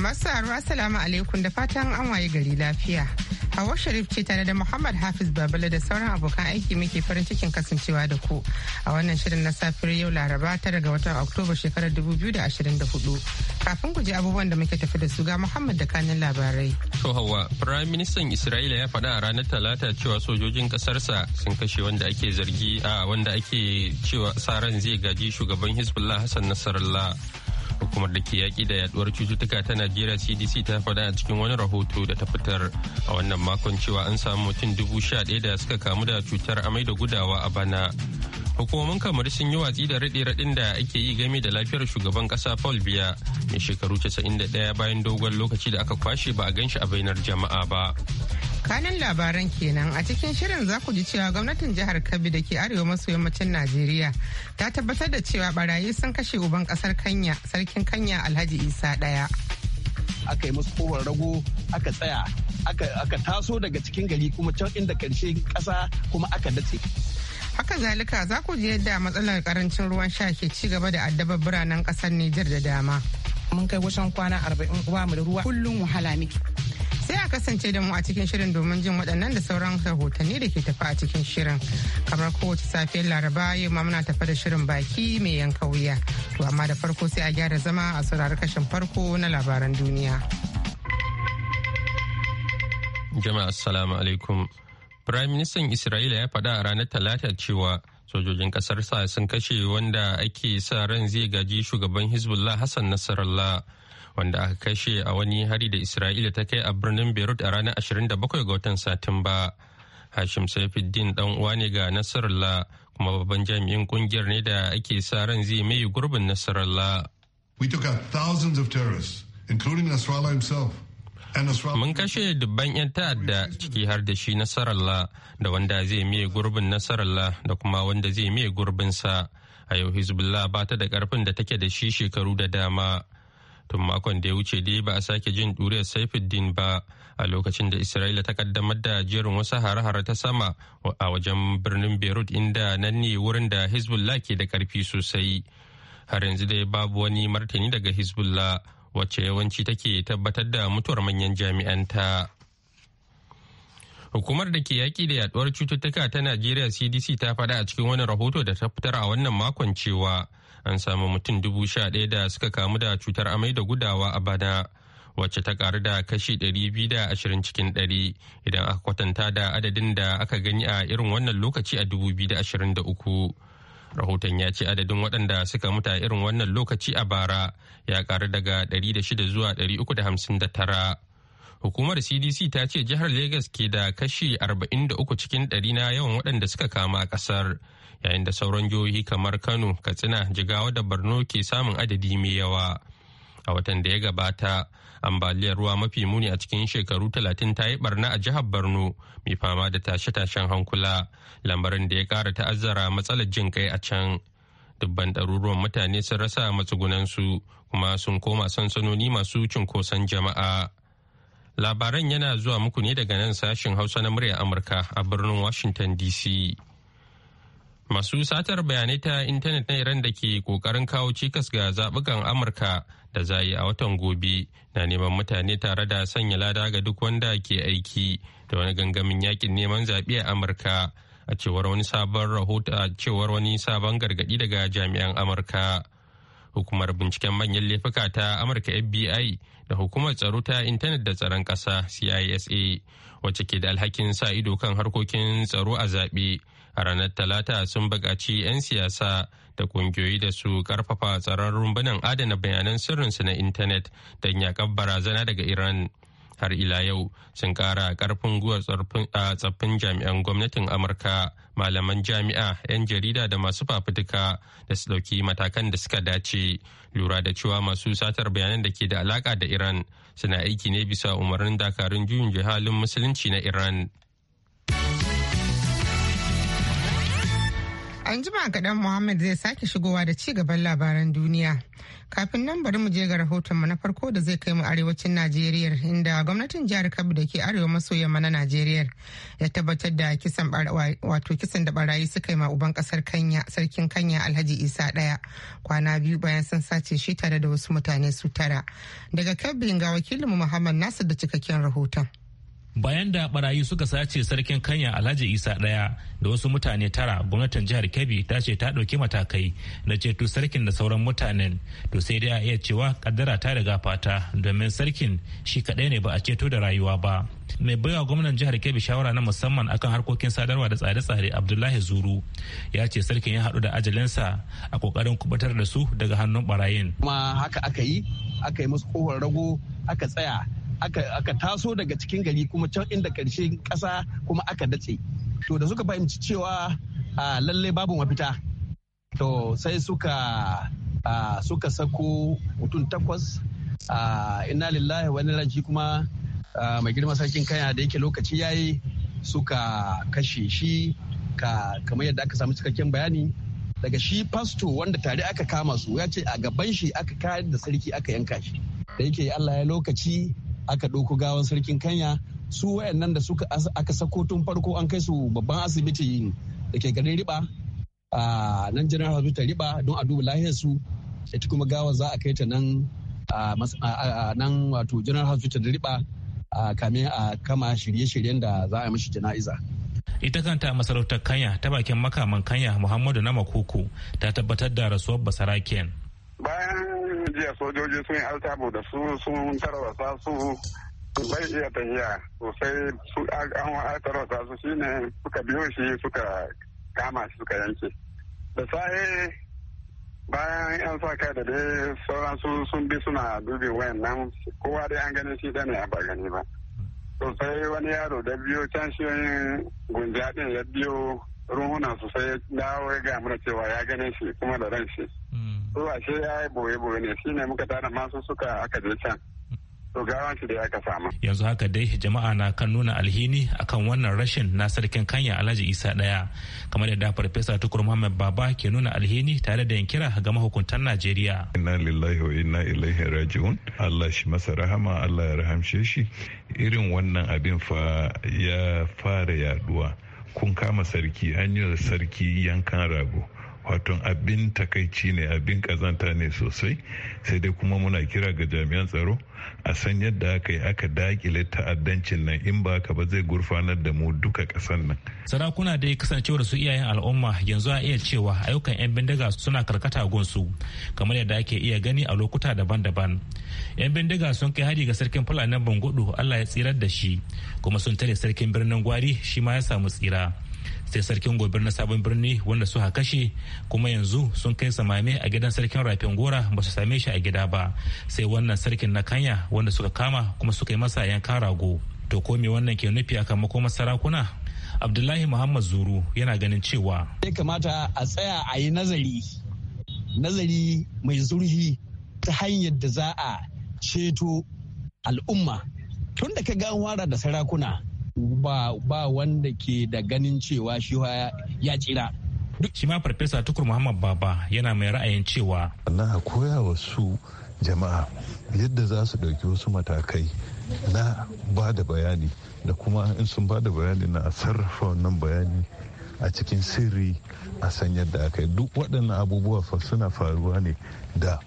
Masu aro salamu alaikum da fatan an waye gari lafiya. Hawa Sharif ce tare da Muhammad Hafiz Babala da sauran abokan aiki muke farin cikin kasancewa da ku a wannan shirin na safiyar yau Laraba ta daga watan Oktoba shekarar 2024. Kafin ku ji abubuwan da muke tafi da su ga Muhammad da kanin labarai. To Hawa, Firayim Ministan Isra'ila ya faɗa a ranar Talata cewa sojojin kasarsa sun kashe wanda ake zargi a wanda ake cewa tsaron zai gaji shugaban Hezbollah Hassan nasarallah hukumar da ke yaƙi da yaduwar cututtuka ta najeriya cdc ta faɗa a cikin wani rahoto da ta fitar a wannan makon cewa an samu mutum dubu sha ɗaya da suka kamu da cutar amai da gudawa a bana hukumomin kamar sun yi watsi da raɗe-raɗin da ake yi game da lafiyar shugaban ƙasa paul biya mai shekaru casa'in da ɗaya bayan dogon lokaci da aka kwashe ba a ganshi a bainar jama'a ba kanan labaran kenan a cikin shirin za ku ji cewa gwamnatin jihar kabi da ke arewa maso yammacin najeriya ta tabbatar da cewa barayi sun kashe uban kasar kanya sarkin kanya alhaji isa daya aka yi masu kowar rago aka tsaya aka taso daga cikin gari kuma can inda karshe kasa kuma aka datse haka zalika za ku ji yadda matsalar karancin ruwan sha ke ci gaba da addabar biranen kasar Nijar da dama. Mun kai wasan kwana arba'in uwa mu da ruwa kullum wahala miki. sai a kasance da mu a cikin shirin domin jin waɗannan da sauran rahotanni da ke tafa a cikin shirin kamar kowace safiyar laraba yau ma muna tafa da shirin baki mai yanka wuya to amma da farko sai a gyara zama a saurari kashin farko na labaran duniya jama'a assalamu alaikum Firayim Ministan Isra'ila ya faɗa a ranar Talata cewa sojojin ƙasar sa sun kashe wanda ake sa ran zai gaji shugaban Hezbollah Hassan nasarallah wanda aka kashe a wani hari da isra'ila ta kai a birnin beirut a ranar 27 ga watan satumba hashim saifuddin dan uwa ne ga nasarallah kuma babban jami'in kungiyar ne da ake sa ran zai mai gurbin nasarallah we took out thousands Mun kashe dubban 'yan ta'adda ciki har da shi Nasarallah da wanda zai miye gurbin Nasarallah da kuma wanda zai miye gurbinsa. A yau Hezbollah ba ta da karfin da take da shi shekaru da dama. tun makon da ya wuce dai ba a sake jin ɗuriyar saifuddin ba a lokacin da isra'ila ta kaddamar da jerin wasu hare-hare ta sama a wajen birnin beirut inda nan ne wurin da hezbollah ke da karfi sosai har yanzu dai babu wani martani daga hezbollah wacce yawanci take tabbatar da mutuwar manyan jami'anta hukumar da ke yaƙi da Yaɗuwar cututtuka ta najeriya cdc ta faɗa a cikin wani rahoto da ta fitar a wannan makon cewa an samu mutum dubu sha ɗaya da suka kamu da cutar amai da gudawa a bana wacce ta karu da kashi ɗari biyu da ashirin cikin ɗari idan aka kwatanta da adadin da aka gani a irin wannan lokaci a dubu biyu da ashirin da uku rahoton ya ce adadin waɗanda suka mutu a irin wannan lokaci a bara ya karu daga ɗari da shida zuwa ɗari uku da hamsin da tara hukumar cdc ta ce jihar legas ke da kashi arba'in da cikin ɗari na yawan waɗanda suka kama a ƙasar yayin da sauran jihohi kamar kano katsina jigawa da borno ke samun adadi mai yawa a watan da ya gabata ambaliyar ruwa mafi muni a cikin shekaru 30 ta yi barna a jihar borno mai fama da tashe-tashen hankula lamarin da ya kara ta'azzara matsalar jin kai a can dubban ɗaruruwan mutane sun rasa su kuma sun koma sansanoni masu cunkoson jama'a labaran yana zuwa muku ne daga nan sashen hausa na murya amurka a birnin washington dc Masu satar bayanai ta intanet na Iran da ke ƙoƙarin kawo cikas ga zaɓukan Amurka da za yi a watan gobe na neman mutane tare da sanya lada ga duk wanda ke aiki da wani gangamin yakin neman zaɓe a Amurka a cewar wani sabon rahoto a cewar wani sabon gargaɗi daga jami'an Amurka. Hukumar binciken manyan laifuka ta Amurka FBI da hukumar tsaro ta intanet da tsaron ƙasa CISA wacce ke da alhakin sa ido kan harkokin tsaro a zaɓe. a ranar talata sun bukaci 'yan siyasa da kungiyoyi da su karfafa tsaron rumbunan adana bayanan sirrinsu na intanet don yaƙar barazana daga iran har ila yau sun ƙara ƙarfin guwar tsaffin jami'an gwamnatin amurka malaman jami'a 'yan jarida da masu fafutuka da su dauki matakan da suka dace lura da cewa masu satar bayanan da ke da alaka da iran suna aiki ne bisa umarnin dakarun juyin jihalin musulunci na iran An jima kaɗan Muhammad zai sake shigowa da ci gaban labaran duniya. Kafin nan bari mu je ga rahotonmu na farko da zai kai mu arewacin Najeriya inda gwamnatin jihar Kebbi da ke arewa maso yamma na Najeriya ya tabbatar da kisan wato kisan da barayi suka yi ma uban ƙasar Kenya sarkin Kenya Alhaji Isa ɗaya kwana biyu bayan sun sace shi tare da wasu mutane su tara. Daga Kebbi ga wakilinmu Muhammad Nasir da cikakken rahoton. bayan da barayi suka sace sarkin kanya alhaji isa ɗaya da wasu mutane tara gwamnatin jihar kebbi ta ce ta ɗauki matakai na ceto sarkin da sauran mutanen to sai dai a iya cewa kaddara ta riga fata domin sarkin shi kaɗai ne ba a ceto da rayuwa ba mai baiwa gwamnan jihar kebbi shawara na musamman akan harkokin sadarwa da tsare-tsare abdullahi zuru ya ce sarkin ya haɗu da ajalinsa a kokarin kubutar da su daga hannun barayin kuma haka aka yi aka yi musu kohon rago aka tsaya aka taso daga cikin gari kuma can inda karshen ƙasa kuma aka datse to da suka fahimci cewa lallai babu mafita to sai suka suka sako mutum takwas inna lillahi wani raji kuma mai girma sarkin kanya da yake lokaci yayi suka kashe shi ka kamar yadda aka samu cikakken bayani daga shi fasto wanda tare aka kama su ya ce a gaban shi aka kayar da sarki aka yanka shi da yake Allah ya lokaci aka ɗauko gawan sarkin kanya su wayannan da suka aka sako tun farko an kai su babban asibiti da ke garin riba a nan general hospital riba don a duba lahiyar su ita kuma gawa za a kai ta nan nan wato general hospital riba kame a kama shirye-shiryen da za a yi mashi jana'iza. ita kanta masarautar kanya ta bakin makaman kanya muhammadu na makuku ta tabbatar da rasuwar basaraken bayan jiya sojoji sun yi altabu da su sun tarwasa su bai iya tafiya sosai su an tarwasa su shine suka biyo shi suka kama shi suka yanke da sahe bayan yan sa kai da dai sauran su sun bi suna dubi wayan nan kowa dai an gani shi da ne ba gani ba sosai wani yaro da biyo can shi gunja din ya biyo ruhuna sosai ya dawo ya ga cewa ya gane shi kuma da ran shi su shi ya yi boye-boye ne ne muka tara masu suka aka je can to gawa shi da aka samu yanzu haka dai jama'a na kan nuna alhini akan wannan rashin na sarkin kanya alhaji isa daya kamar yadda farfesa tukur muhammad baba ke nuna alhini tare da yankira ga mahukuntan najeriya inna lillahi wa inna ilaihi raji'un allah shi masa rahama allah ya rahamshe shi irin wannan abin fa ya fara yaduwa kun kama sarki an yi sarki yankan rago wato abin takaici ne abin kazanta ne sosai sai dai kuma muna kira ga jami'an tsaro a san yadda aka yi aka dakile ta'addancin nan in ba ka ba zai gurfanar da mu duka kasan nan sarakuna dai kasancewar su iyayen al'umma yanzu a iya cewa ayyukan 'yan bindiga suna karkata gonsu kamar yadda ake iya gani a lokuta daban-daban 'yan bindiga sun kai hari ga sarkin fulani bangudu allah ya tsirar da shi kuma sun tare sarkin birnin gwari shi ma ya samu tsira sai sarkin gobe na sabon birni wanda suka kashe kuma yanzu sun kai samame a gidan sarkin rafin gora ba su same shi a gida ba sai wannan sarkin na kanya wanda suka kama kuma suka yi masa yankan rago to ko me wannan ke nufi akan makomar sarakuna abdullahi muhammad zuru yana ganin cewa ya kamata a tsaya a yi nazari nazari mai zurfi ta hanyar da za a ceto al'umma tun da ka ga wara da sarakuna ba, ba wanda ke da ganin cewa shi ya tsira duk shi ma farfesa tukur muhammad baba yana mai ra'ayin cewa na koya wa su jama'a yadda za su ɗauki wasu matakai na ba da bayani da kuma in sun ba da bayani na sarrafa wannan bayani a cikin sirri a san yadda aka yi duk waɗannan abubuwa suna faruwa ne da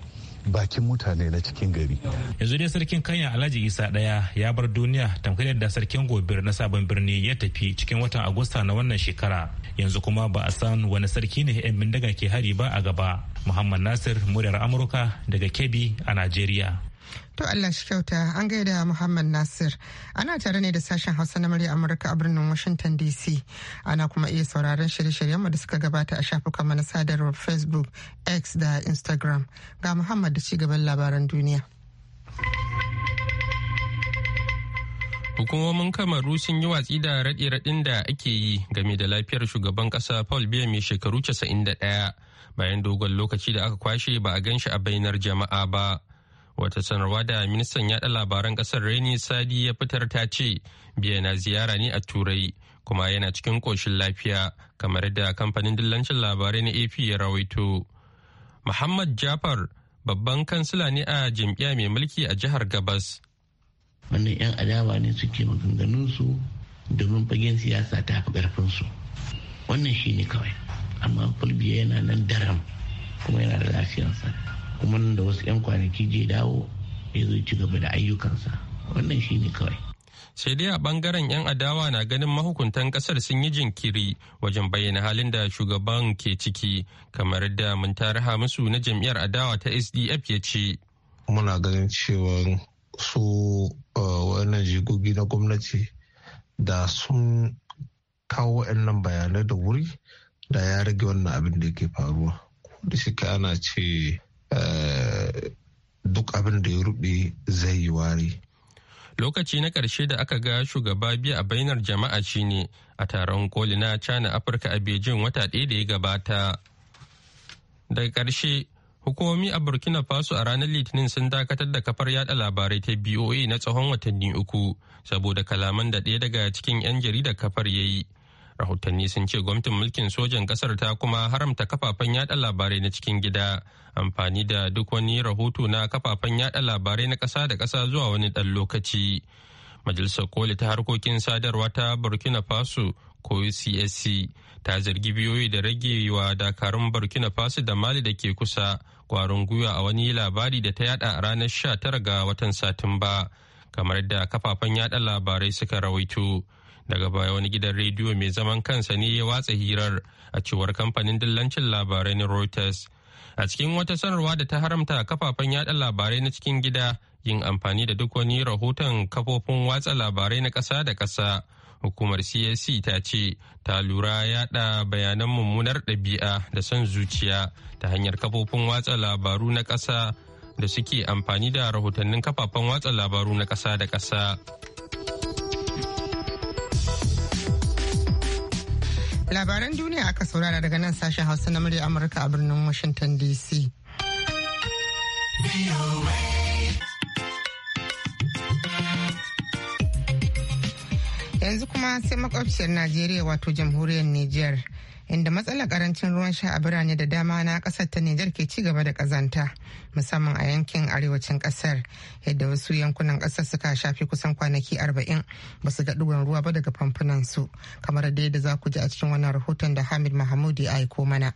bakin mutane na cikin gari. Yanzu dai sarkin Kanya Alhaji Isa daya ya bar duniya tamkar yadda sarkin gobe na sabon birni ya tafi cikin watan Agusta na wannan shekara. Yanzu kuma ba a san wani sarki ne 'yan bindiga ke hari ba a gaba. Muhammad Nasir muryar Amurka daga Kebbi a Najeriya. To Allah shi kyauta an gaida Muhammad Nasir. Ana tare ne da sashen Hausa na murya Amurka a birnin Washington DC. Ana kuma iya sauraron shirye-shiryen da suka gabata a shafukan mana sadarwar Facebook, X da Instagram. Ga Muhammad da ci gaban labaran duniya. Hukumomin Kamaru sun yi watsi da raɗe-raɗin da ake yi game da lafiyar shugaban ƙasa Paul Biya mai shekaru 91 bayan dogon lokaci da aka kwashe ba a gan shi a bainar jama'a ba. wata sanarwa da ministan yaɗa labaran ƙasar reni sadi ya fitar ta ce biya na ziyara ne a turai kuma yana cikin ƙoshin lafiya kamar da kamfanin dillancin labarai na ap ya rawaito muhammad jafar babban kansila ne a jam'iyya mai mulki a jihar gabas wannan 'yan adawa ne suke maganganunsu domin fagen siyasa ta fi ƙarfinsu wannan shi ne kawai amma fulbiya yana nan daram kuma yana da lafiyarsa kuma da wasu 'yan kwanaki je dawo ya zo ci gaba da ayyukansa wannan shi ne kawai sai dai a bangaren 'yan adawa na ganin mahukuntan kasar sun yi jinkiri wajen bayyana halin da shugaban ke ciki kamar da mun tara musu na jam'iyyar adawa ta sdf ya ce muna ganin cewa su uh, wani jigogi na gwamnati da sun kawo waɗannan bayanai da wuri da ya rage wannan abin da yake faruwa da shi ana ce Eh, duk abin da ya rube zai yi wari. Lokaci na ƙarshe da aka ga shugaba biya a bainar jama'a shine a taron koli na China Afirka a Beijing wata ɗaya da ya gabata. Daga ƙarshe, hukumomi a Burkina Faso a ranar Litinin sun dakatar da kafar yada labarai ta BOA na tsawon watanni uku saboda kalaman da ɗaya daga cikin 'yan jarida kafar ya yi rahotanni sun ce gwamnatin mulkin sojan kasar ta kuma haramta kafafen yada labarai na cikin gida amfani da duk wani rahoto na kafafen yada labarai na ƙasa da ƙasa zuwa wani ɗan lokaci majalisar koli ta harkokin sadarwa ta burkina faso ko csc ta zargi biyoyi da ragewa dakarun burkina faso da mali da ke kusa kwarin gwiwa a wani labari da ta yada a ranar 19 ga watan satumba kamar da kafafen yada labarai suka rawaito daga baya wani gidan rediyo mai zaman kansa ne ya watsa hirar a cewar kamfanin dillancin labarai na reuters a cikin wata sanarwa da ta haramta kafafen yada labarai na cikin gida yin amfani da duk wani rahoton kafofin watsa labarai na ƙasa da ƙasa hukumar csc ta ce ta lura yada bayanan mummunar ɗabi'a da son zuciya ta hanyar kafofin watsa labaru na ƙasa da suke amfani da rahotannin kafafen watsa labaru na ƙasa da ƙasa. Labaran duniya aka saurara daga nan sashen Hausa na murya Amurka a birnin Washington DC. Yanzu kuma sai makwabciyar Najeriya wato jamhuriyar Nijar. inda matsalar karancin ruwan sha a birane da dama na kasar ta Nijar ke ci gaba da kazanta musamman a yankin arewacin kasar yadda wasu yankunan kasar suka shafi kusan kwanaki 40 ba su ga ɗuwan ruwa ba daga famfunan su kamar da yadda za ku ji a cikin wannan rahoton da Hamid Mahmudi ya aiko mana.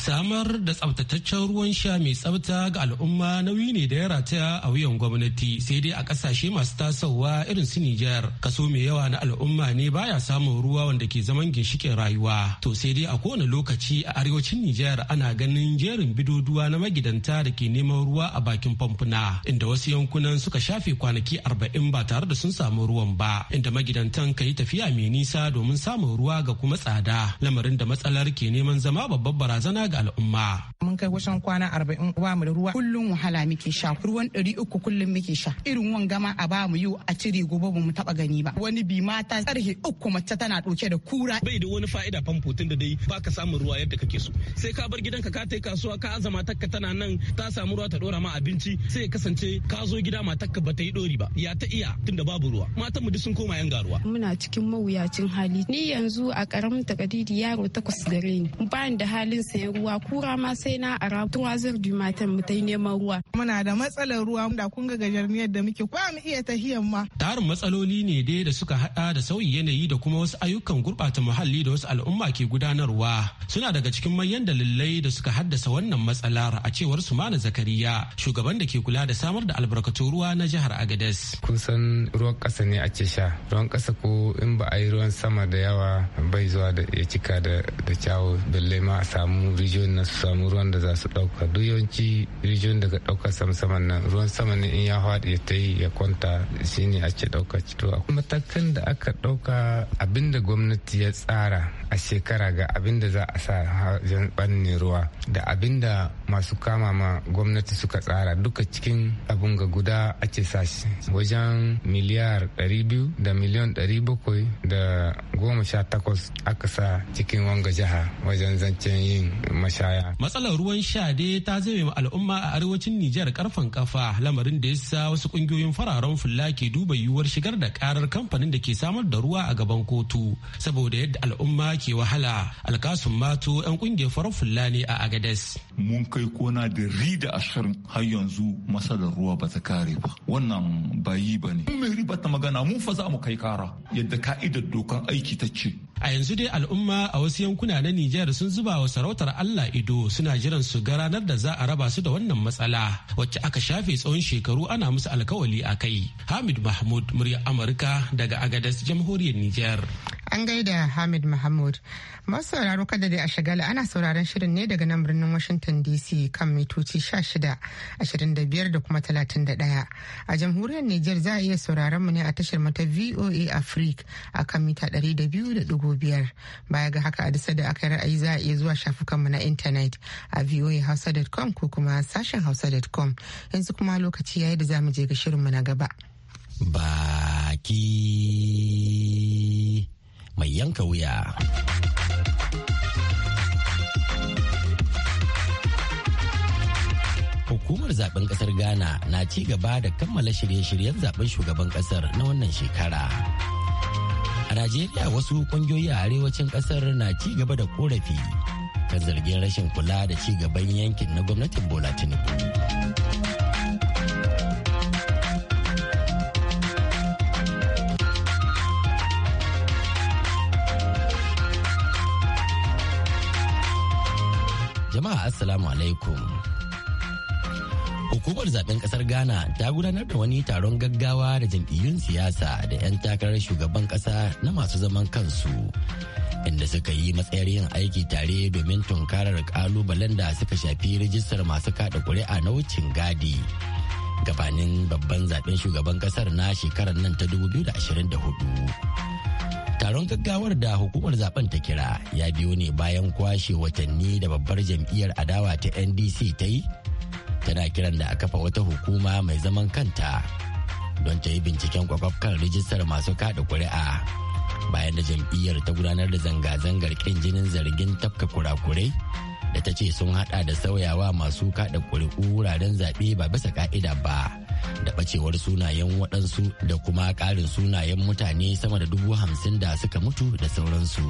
samar da tsabtataccen ruwan sha mai tsabta ga al'umma nauyi ne da ya rataya a wuyan gwamnati sai dai a kasashe masu tasowa irin su Nijar kaso mai yawa na al'umma ne baya samun ruwa wanda ke zaman ginshikin rayuwa to sai dai a kowane lokaci a arewacin Nijar ana ganin jerin bidoduwa na magidanta da ke neman ruwa a bakin famfuna inda wasu yankunan suka shafe kwanaki arba'in ba tare da sun samu ruwan ba inda magidantan ka yi tafiya mai nisa domin samun ruwa ga kuma tsada lamarin da matsalar ke neman zama babbar barazana ga al'umma. Mun kai wasan kwana arba'in ba mu da ruwa kullum wahala muke sha ruwan ɗari uku kullum muke sha irin wangama a ba mu yau a cire gobe ba mu taɓa gani ba wani bi mata tsarhe uku mace tana ɗauke da kura. Bai da wani fa'ida famfo da dai ba ka samu ruwa yadda kake so sai ka bar gidanka ka tai kasuwa ka azama takka tana nan ta samu ruwa ta ɗora ma abinci sai kasance ka zo gida matakka ba ta yi ɗori ba ya ta iya tunda babu ruwa matan mu duk sun koma yan garuwa. Muna cikin mawuyacin hali ni yanzu a karamin takadidi yaro takwas gare ni ba ni da halin sayan ruwa kura ma sai na ara tuwazir du matan mu ta yi neman ruwa. Muna da matsalar ruwa da kun ga gajarniyar da muke ba mu iya tahiyan ma. Tarin matsaloli ne dai da suka haɗa da sauyin yanayi da kuma wasu ayyukan gurɓata muhalli da wasu al'umma ke gudanarwa suna daga cikin manyan dalilai da suka haddasa wannan matsalar a cewar su Sumana Zakariya shugaban da ke kula da samar da albarkatun ruwa na jihar Agadez. Kun san ruwan kasa ne ake sha ruwan kasa ko in ba a yi ruwan sama da yawa bai zuwa da ya cika da kyawu balle ma a samu rijiyoyin na su samu ruwan da za su ɗauka duk yawanci rijiyoyin daga ɗauka saman nan ruwan sama ne in ya faɗi ya ta yi ya kwanta shine ake ɗauka to a matakan da aka ɗauka abinda gwamnati ya tsara a shekara ga abin da za a sa hajjan banne ruwa da abin da masu kama ma gwamnati suka tsara duka cikin abin ga guda ake sa shi wajen miliyar 200 da miliyan 700 da goma sha takwas aka sa cikin wanga jiha wajen zancen yin mashaya. Matsalar ruwan sha dai ta zame ma al'umma a arewacin Nijar karfan kafa lamarin da ya sa wasu kungiyoyin fararen fulla ke duba yiwuwar shigar da karar kamfanin da ke samar da ruwa a gaban kotu saboda yadda al'umma ke wahala alkasun mato 'yan kungiyar farar fulani a agades mun kai kona da rida ashirin har yanzu masalar ruwa ba ta kare ba wannan bayi ba ne Mun riba ta magana mun fa za mu kai kara yadda ka'idar dokan aiki ta ce a yanzu dai al'umma a wasu yankuna na Nijar sun zuba wa sarautar Allah ido suna jiran su ga ranar da za a raba su da wannan matsala wacce aka shafe tsawon shekaru ana musu alkawali a kai Hamid Mahmud murya Amurka daga agadas jamhuriyar Nijar An gaida Hamid Mahmud. Masu sauraro kada dai a shagala ana sauraron shirin ne daga nan birnin Washington DC kan mitoci 16, da kuma 31. A jamhuriyar Nijar za a iya sauraron mu ne a tashar mata VOA afrik a kan mita 200.5. Baya ga haka a disa da aka ra'ayi za a iya zuwa shafukanmu na intanet a voahausa.com ko kuma sashen hausa.com. Yanzu kuma lokaci yayi da za mu je ga shirinmu na gaba. Baki mai yanka wuya. Hukumar zaben kasar Ghana na ci gaba da kammala shirye-shiryen zaben shugaban kasar na wannan shekara. A Najeriya wasu kungiyoyi a arewacin kasar na ci gaba da korafi kan zargin rashin kula da ci gaban yankin na gwamnatin Bola Tinubu. Jama'a Assalamu alaikum. Hukumar zaben kasar Ghana ta gudanar da wani taron gaggawa da jam'iyyun siyasa da 'yan takarar shugaban kasa na masu zaman kansu. Inda suka yi matsayar yin aiki tare domin tunkarar kalubalen da suka shafi rijistar masu kada kuri'a na wucin gadi. Gabanin babban zaben shugaban kasar na shekarar nan ta 2024. taron gaggawar da hukumar zaben ta kira ya biyo ne bayan kwashe watanni da babbar jam'iyyar adawa ta ndc ta yi tana kiran da a kafa wata hukuma mai zaman kanta don ta yi binciken kwakwafkan kan rijistar masu kada kuri'a bayan da jam'iyyar ta gudanar da zanga-zangar kin jinin zargin tafka kurakurai da ta ce sun hada da sauyawa masu kada kuri'u wuraren zaɓe ba bisa ka'ida ba da ɓacewar sunayen waɗansu da kuma ƙarin sunayen mutane sama da dubu hamsin da suka mutu da sauransu.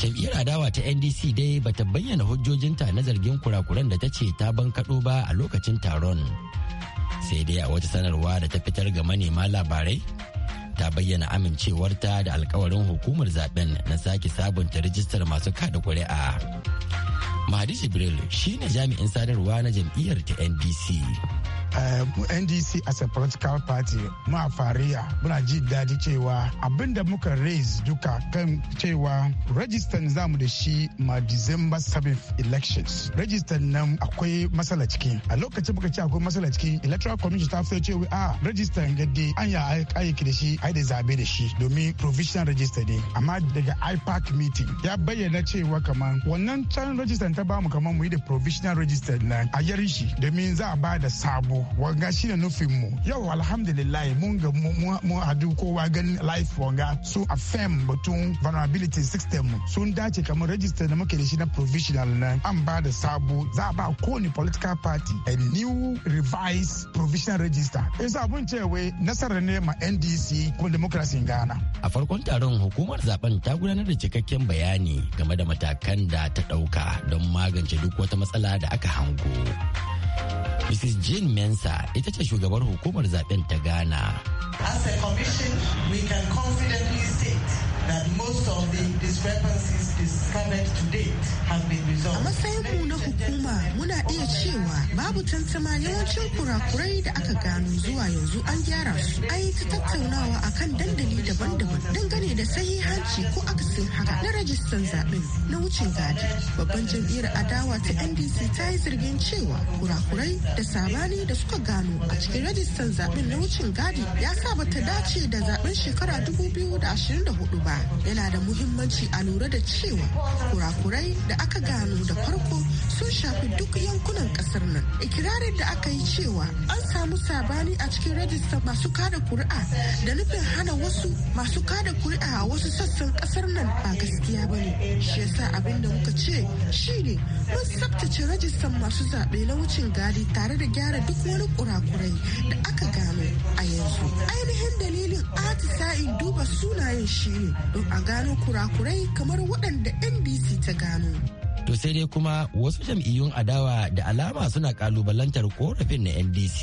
jam'iyyar adawa ta ndc dai bata bayyana hujjojinta na zargin kurakuran da ta ce ta bankaɗo ba a lokacin taron sai dai a wata sanarwa da ta fitar ga manema labarai ta bayyana amincewarta da alkawarin hukumar zaben na sake sabunta rijistar masu kada kuri'a mahadi jibril shine jami'in sadarwa na jam'iyyar ta ndc Eh, ndc as a political party ma fariya muna ji daɗi cewa abinda muka raise duka kan cewa za zamu da shi ma december 7th elections register nan akwai matsala ciki a lokacin muka ce akwai matsala ciki electoral commission ta fito cewa ah, a rajistan gaddi an ya ayyuki da shi ai da zabe da shi domin provisional register ne amma daga ipac meeting ya bayyana cewa kaman wannan can register ta bamu kamar mu yi da provisional register nan a yari shi domin za a ba da sabo wanga shine nufin mu yau alhamdulillah mun ga mu hadu kowa ganin life wanga su affirm batun vulnerability system sun dace kamar register da muke da shi na provisional na an ba da sabu za a ba kowane political party a new revised provisional register sa abun cewa nasarar ne ma NDC ko democracy in Ghana a farkon taron hukumar zaben ta gudanar da cikakken bayani game da matakan da ta dauka don magance duk wata matsala da aka hango Mrs. Jane Mensa ita ce shugabar hukumar zaben ta Ghana. As a commission, we can confidently state A matsayin mu na hukuma muna iya cewa babu tantama yawancin kurakurai da aka gano zuwa yanzu an gyara su. Ai ta tattaunawa akan dandali daban-daban dangane da sahihanci ko akasin haka na rajistan zaɓen na wucin gadi. Babban jam'iyyar adawa ta NDC ta yi zargin cewa kurakurai da sabani da suka gano a cikin rajistan zaɓen na wucin gadi ya sa bata dace da zaɓen shekara 2024 ba. yana da muhimmanci a lura da cewa kurakurai da aka gano da farko sun shafi duk yankunan kasar nan ikirarin da aka yi cewa an samu sabani a cikin rajista masu kada kuri'a da nufin hana wasu masu kada kuri'a a wasu sassan kasar nan ba gaskiya ba ne shi yasa abin da muka ce shine mun tsabtace rajistan masu zaɓe na wucin gadi tare da gyara duk wani kurakurai da aka gano a yanzu ainihin dalilin atisa'in duba sunayen shine don a gano kurakurai kamar waɗanda NBC ta gano. To sai dai kuma wasu jam'iyyun adawa da alama suna kalubalantar korafin na NDC.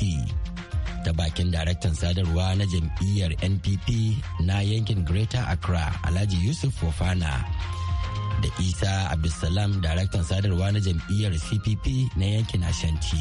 Ta bakin daraktan sadarwa na jam'iyyar NPP na yankin Greater Accra Alhaji Yusuf Fofana da isa abdulsalam daraktan sadarwa na jam'iyyar cpp na yankin ashanti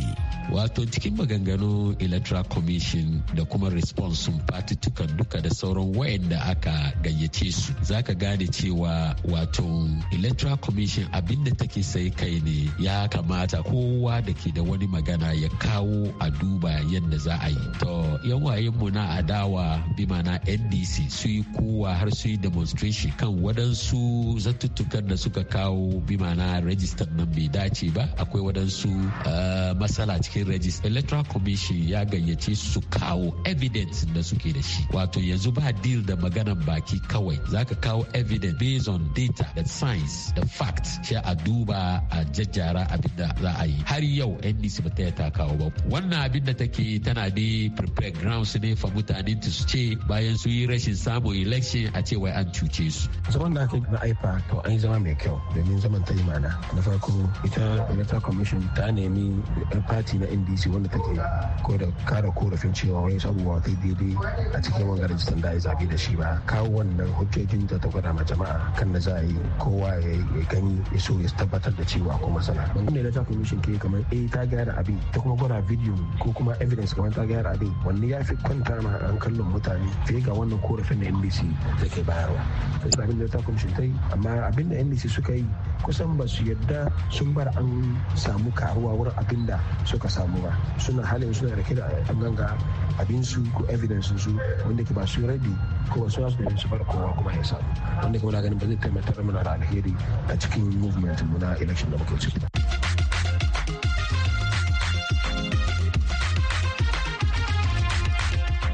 wato cikin maganganu electoral commission da kuma response sun fatitukan duka da sauran wayanda aka gayyace su zaka gane cewa wato electoral commission abinda take sai kai ne ya kamata kowa da ke da wani magana ya kawo a duba yadda za a yi to yan mu na adawa bi mana ndc su yi kowa har su yi demonstration kan wadansu zatuttukan waɗanda suka kawo bi ma'ana rajistar nan bai dace ba akwai waɗansu eh, matsala cikin rajistar electoral commission ya gayyace su kawo evidence da suke da shi wato yanzu ba deal da maganan baki kawai zaka kawo evidence based on data da science da fact sai a duba a jajjara abin da za a yi har yau ndc ba ta ta kawo ba wannan abin da take tana da prepare grounds ne fa mutane su ce bayan su yi rashin samun election a ce wai an cuce su zaman da ba aifa to an zama mai kyau domin zaman ta imana na farko ita electoral commission ta nemi yan party na ndc wanda take ko da kara korafin cewa wani sabuwa ta daidai a cikin wanga rajistan da ya zabe da shi ba kawo wannan hujjojin da ta gwada ma jama'a kan da za a yi kowa ya gani ya so ya tabbatar da cewa masana. wani wanda electoral commission ke kamar a eh, ta gyara abin ta kuma gwada video ko kuma evidence kamar ta gyara abin wanne ya fi kwanta ma an kallon mutane fiye ga wannan korafin na ndc da ke bayarwa abin da ta commission ta yi amma abin da ndc suka yi kusan ba su yadda sun bar an samu karuwa wurin abin da suka samu ba suna halin suna rake da ganga abin su ko evidence su wanda ke ba su rabi ko ba su nasu da su bar kowa kuma ya samu wanda kuma na ganin ba zai taimakar mana da alheri a cikin movement mu na election da muke ciki.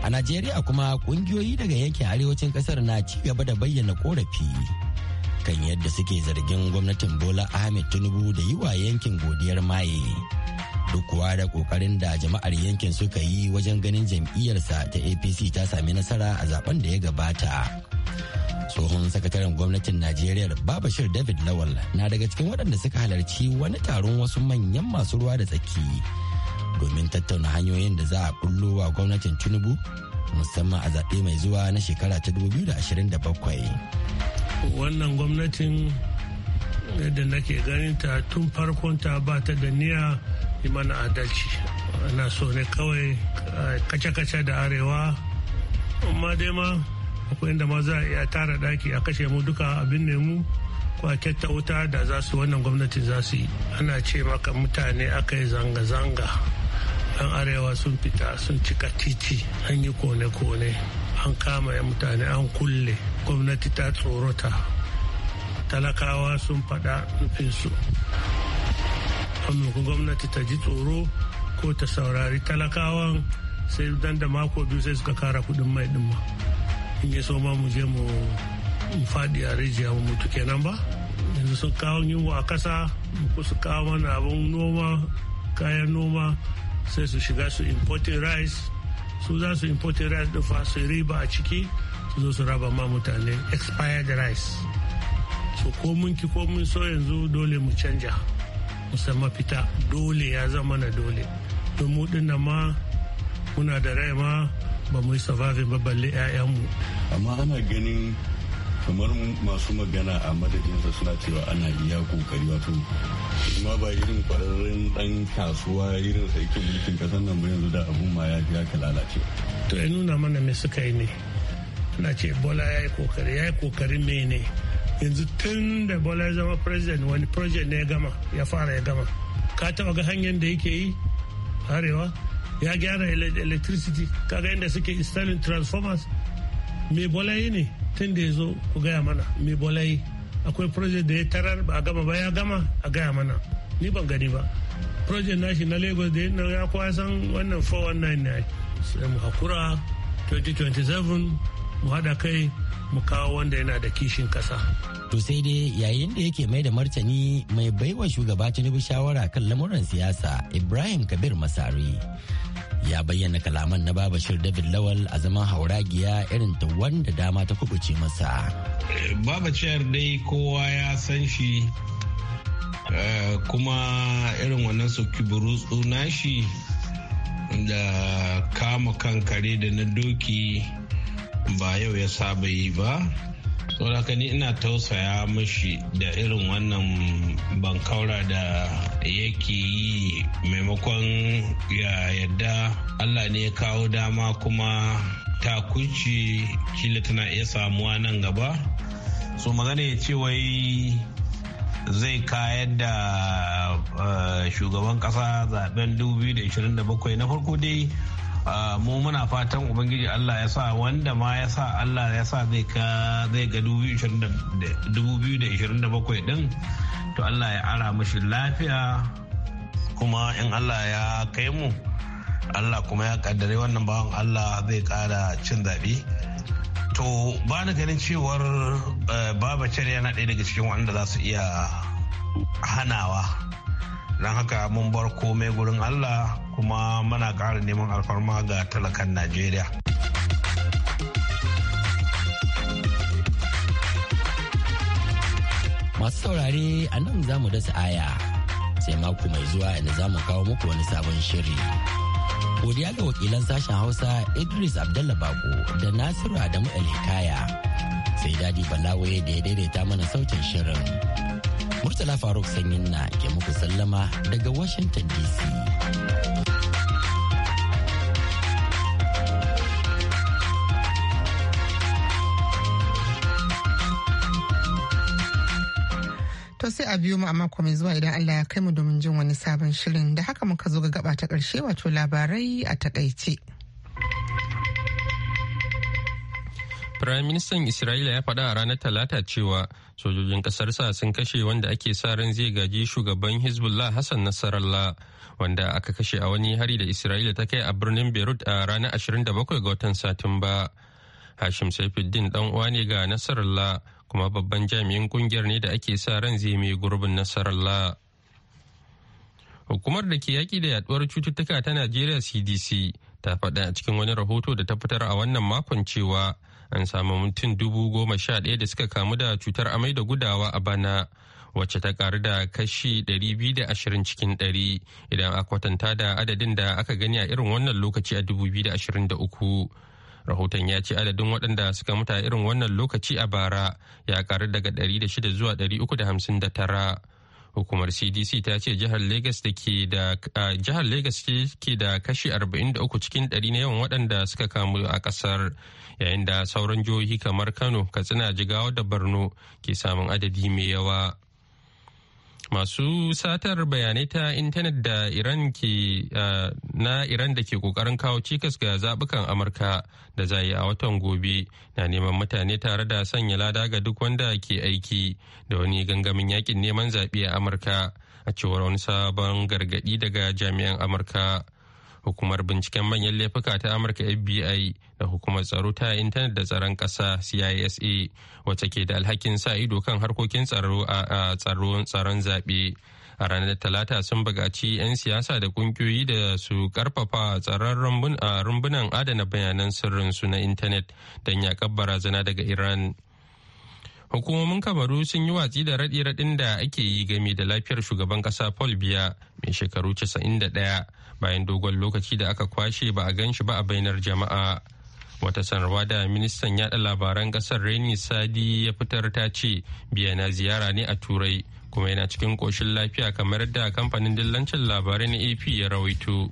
A Najeriya kuma kungiyoyi daga yankin arewacin kasar na ci gaba da bayyana korafi kan yadda suke zargin gwamnatin bola ahmed tinubu da yi wa yankin godiyar maye duk kuwa da kokarin da jama'ar yankin suka yi wajen ganin jam'iyyarsa ta apc ta sami nasara a zaben da ya gabata tsohon sakataren gwamnatin najeriya babashir david lawal na daga cikin waɗanda suka halarci wani taron wasu manyan masu ruwa da tsaki domin tattauna hanyoyin da za a ɓullo wa gwamnatin tinubu musamman a zaɓe mai zuwa na shekara ta 2027 wannan gwamnatin da nake ganin ta tun farkon ta ba ta da niyya mana adalci ana so ne kawai eh, kace-kace da arewa amma dai ma akwai inda ma za a iya tara daki a kashe mu duka abin nemu ko a kyatta wuta da za su wannan gwamnati za su yi ana ce maka mutane aka yi zanga-zanga yan arewa sun fita sun cika titi an yi kone-kone an kama ya mutane an kulle gwamnati ta tsorota talakawa sun fada nufinsu amma gwamnati ta ji tsoro ko ta saurari talakawan sai dan da mako biyu sai suka kara kudin mai din in ya so ma mu je mu faɗi a rijiya mu mutu kenan ba yanzu sun kawo yinwa a kasa mu su kawo mana abin noma kayan noma sai su shiga su importing rice su za su imported rice dufa su riba a ciki su zo su raba ma mutane expired rice so ko mun ki ko mun so yanzu dole mu canja musamman fita dole ya zama na dole don mu dinnan ma muna da rai ma ba mu yi surviving ba balle 'ya'yanmu amma ana ganin kamar masu magana a madadinsa suna cewa ana iya kokari wato kuma ba irin kwararren dan kasuwa irin sa yake mulkin kasan nan ba yanzu da abun ma ya ya ka lalace to ya nuna mana me suka yi ne na ce bola ya yi kokari ya yi kokari me ne yanzu tun da bola ya zama president wani project ne ya gama ya fara ya gama ka taba ga hanyar da yake yi arewa ya gyara electricity kaga inda suke installing transformers me bola yi ne tun da ya zo ku gaya mana mai bolai akwai project da ya tarar ba a gama ba ya gama a gaya mana ni ban gani ba project nashi na lagos da yana ya kuwa san wannan 419 sai mu hakura 2027 mu haɗa kai mu kawo wanda yana da kishin kasa. To sai dai yayin da yake mai da martani mai baiwa shugaba Tinubu shawara kan lamuran siyasa Ibrahim Kabir Masari ya bayyana kalaman na babashir david lawal a zaman hauragiya irin ta wanda dama ta kubuce masa babashir dai kowa ya san shi eh, kuma irin wannan soki burutsu nashi da kama kankare da na doki ba yau ya saba yi ba saboda ni ina tausaya mashi da irin wannan bankaura da yake yi maimakon ya yadda allah ne ya kawo dama kuma takunci kila tana iya samuwa nan gaba so magana ya ce wai zai kayar da eh, shugaban kasa zaben 2027 na farko dai Ah, mu muna fatan ubangiji Allah ya sa wanda ma ya sa Allah ya sa zai ka zai ga 2027 din to Allah ya ara mashi lafiya kuma in Allah ya kai mu Allah kuma ya kaddare wannan bawan Allah zai kara cin zaɓe to ba ni ganin cewar eh, babacar yana ɗaya daga cikin wanda za su iya hanawa don haka mun bar komai gurin allah kuma muna ƙara neman alfarma ga talakan najeriya masu saurare a nan za mu dasa aya sai mako mai zuwa inda za mu kawo muku wani sabon shiri godiya ga wakilan sashen hausa idris abdallah bako da nasiru adamu Alhikaya sai dadi balawe da ya daidaita mana sautin shirin Murtala Faruk Sanyin na ke muku sallama daga Washington DC. To sai a biyo mu a mako mai zuwa idan Allah ya kai mu domin jin wani sabon shirin da haka muka zo ga gaba ta ƙarshe wato labarai a takaice. Firaministan Isra'ila ya faɗa a ranar Talata cewa sojojin ƙasar sa sun kashe wanda ake sa ran zai gaji shugaban Hezbollah Hassan Nasarallah wanda aka kashe a wani hari da Isra'ila ta kai a birnin Beirut a ranar 27 ga watan Satumba. Hashim Saifuddin dan uwa ne ga Nasarallah kuma babban jami'in ƙungiyar ne da ake sa ran zai mai gurbin Nasarallah. Hukumar da ke yaƙi da yaduwar cututtuka ta Najeriya CDC ta faɗa a cikin wani rahoto da ta fitar a wannan makon cewa an samu mutum dubu goma sha ɗaya da suka kamu da cutar amai da gudawa a bana wacce ta karu da kashi 220 cikin 100 idan a kwatanta da adadin da aka gani a irin wannan lokaci a 2023 rahoton ya ce adadin waɗanda suka mutu a irin wannan lokaci a bara ya karu daga 106 zuwa 359 hukumar cdc ta ce jihar lagos ke da kashi 43 cikin 100 na yawan waɗanda suka kamu a ƙasar yayin da sauran jihohi kamar kano katsina jigawa da borno ke samun adadi mai yawa masu satar bayanai ta intanet da iran ke na iran da ke kokarin kawo cikas ga zabukan amurka da za a watan gobe na neman mutane tare da sanya lada ga duk wanda ke aiki da wani gangamin yakin neman zaɓe a amurka a cewar wani sabon gargaɗi daga jami'an amurka hukumar binciken manyan laifuka ta amurka fbi da hukumar tsaro ta intanet da tsaron ƙasa cisa wacce ke da alhakin sa ido kan harkokin tsaro a tsaron zaɓe a ranar talata sun bugaci 'yan siyasa da kungiyoyi da su karfafa tsaron rumbunan adana bayanan sirrin su na intanet don yakar barazana daga iran hukumomin kamaru sun yi watsi da raɗi-raɗin da ake yi game da lafiyar shugaban ƙasa paul biya mai shekaru 91 bayan dogon lokaci da aka kwashe ba a gan shi ba a bainar jama'a wata sanarwa da ministan yada labaran kasar reni sadi ya fitar ta ce biya na ziyara ne a turai kuma yana cikin koshin lafiya kamar da kamfanin dillancin labarai na ap ya rawaito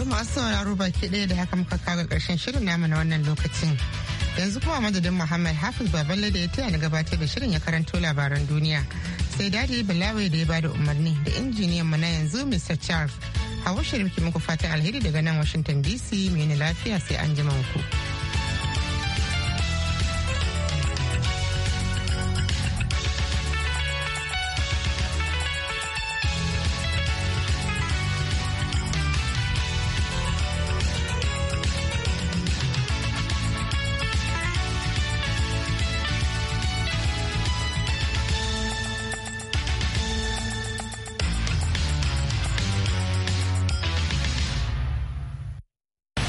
to masu sauraro baki ɗaya da haka muka kaga ƙarshen shirin namu na wannan lokacin yanzu kuma madadin muhammad hafiz baballe da ya taya na gabatar da shirin ya karanto labaran duniya sai dadi bilawe da ya bada umarni da injiniyan mu na yanzu mr charles hawa shirin muku fatan alheri daga nan washington dc mai lafiya sai an jima ku.